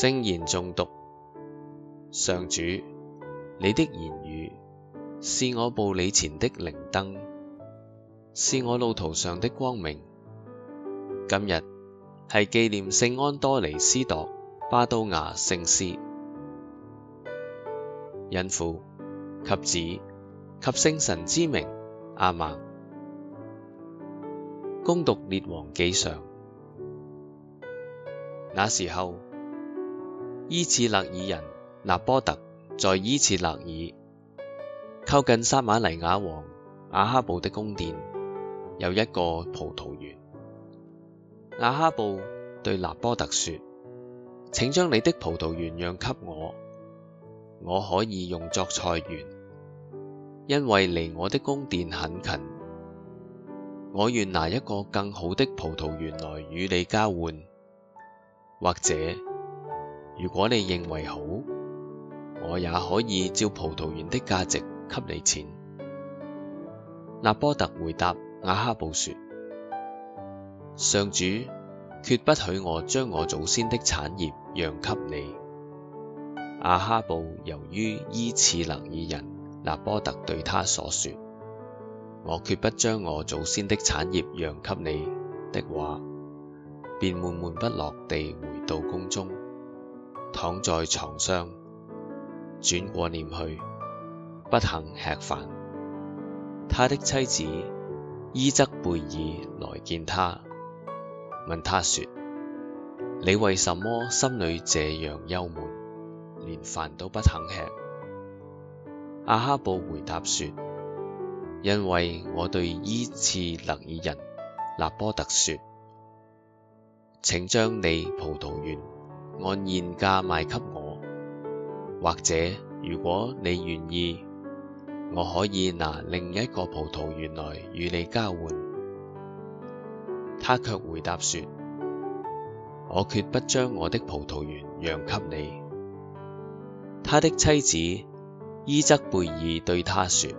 聖言誦讀。上主，你的言語是我步履前的靈燈，是我路途上的光明。今日係紀念聖安多尼司鐸巴都亞聖師，因父及子及聖神之名，阿門。恭讀列王紀上，那時候。伊次勒爾人納波特在伊次勒爾，靠近撒馬尼亞王阿哈布的宮殿，有一個葡萄園。阿哈布對納波特說：請將你的葡萄園讓給我，我可以用作菜園，因為離我的宮殿很近。我願拿一個更好的葡萄園來與你交換，或者。如果你認為好，我也可以照葡萄園的價值給你錢。納波特回答阿哈布說：上主決不許我將我祖先的產業讓給你。阿哈布由於依次勒耳人納波特對他所說：我決不將我祖先的產業讓給你的話，便悶悶不樂地回到宮中。躺在床上，轉過臉去，不肯吃飯。他的妻子依則貝耳來見他，問他說：你為什麼心裏這樣憂悶，連飯都不肯吃？阿哈布回答說：因為我對依次勒耳人納波特說，請將你葡萄園。按現價賣給我，或者如果你願意，我可以拿另一個葡萄園來與你交換。他卻回答說：我決不將我的葡萄園讓給你。他的妻子依則貝耳對他說：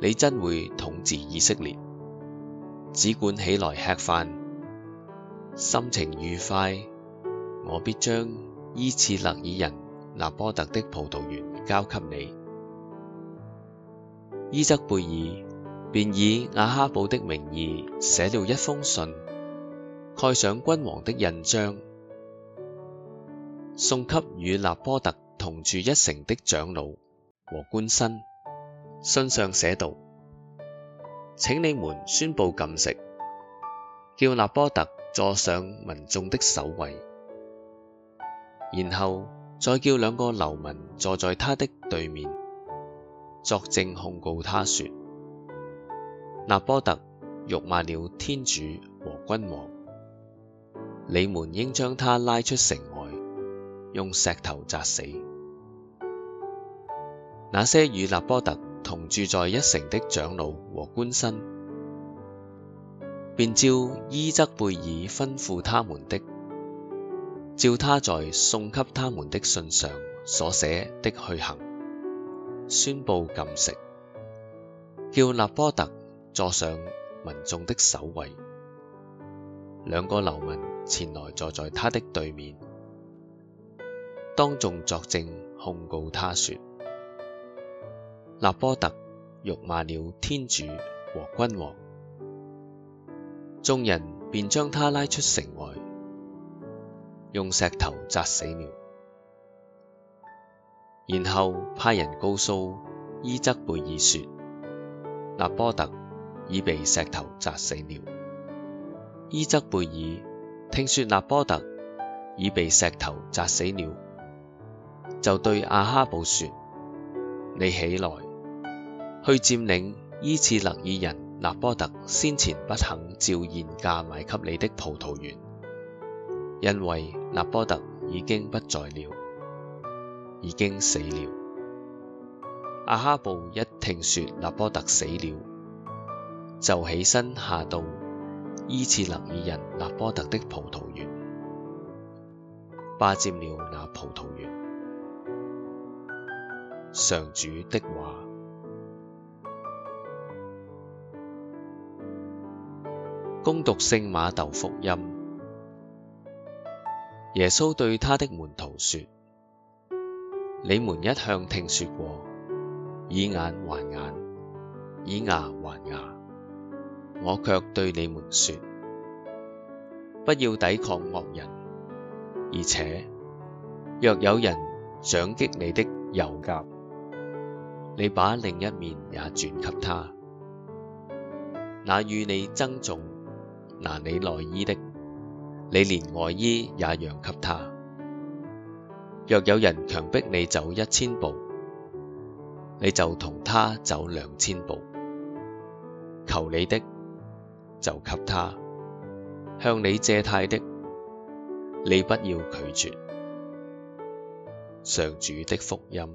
你真會統治以色列，只管起來吃飯，心情愉快。我必將伊次勒爾依次勒耳人納波特的葡萄園交給你。依則貝耳便以阿哈布的名義寫了一封信，蓋上君王的印章，送給與納波特同住一城的長老和官紳。信上寫道：請你們宣布禁食，叫納波特坐上民眾的首位。然後再叫兩個流氓坐在他的對面，作證控告他說：納波特辱罵了天主和君王，你們應將他拉出城外，用石頭砸死。那些與納波特同住在一城的長老和官紳，便照依則貝耳吩咐他們的，照他在送給他們的信上所寫的去行，宣布禁食，叫納波特坐上民眾的首位。兩個流氓前來坐在他的對面，當眾作證控告他說：納波特辱罵了天主和君王。眾人便將他拉出城外，用石頭砸死了，然後派人告訴依則貝耳說，納波特已被石頭砸死了。依則貝耳聽說納波特已被石頭砸死了，就對阿哈布說：「你起來去佔領依次勒耳人納波特先前不肯照現價賣給你的葡萄園，因為。納波特已經不在了，已經死了。阿哈布一聽說納波特死了，就起身下到依次勒耳人納波特的葡萄園，霸佔了那葡萄園。上主的話：恭讀聖瑪竇福音。耶穌對他的門徒說：你們一向聽說過以眼還眼，以牙還牙。我卻對你們說，不要抵抗惡人。而且，若有人掌擊你的右頰，你把另一面也轉給他。那與你爭訟拿你內衣的。你連外衣也讓給他。若有人強迫你走一千步，你就同他走兩千步。求你的，就給他，向你借貸的，你不要拒絕。上主的福音。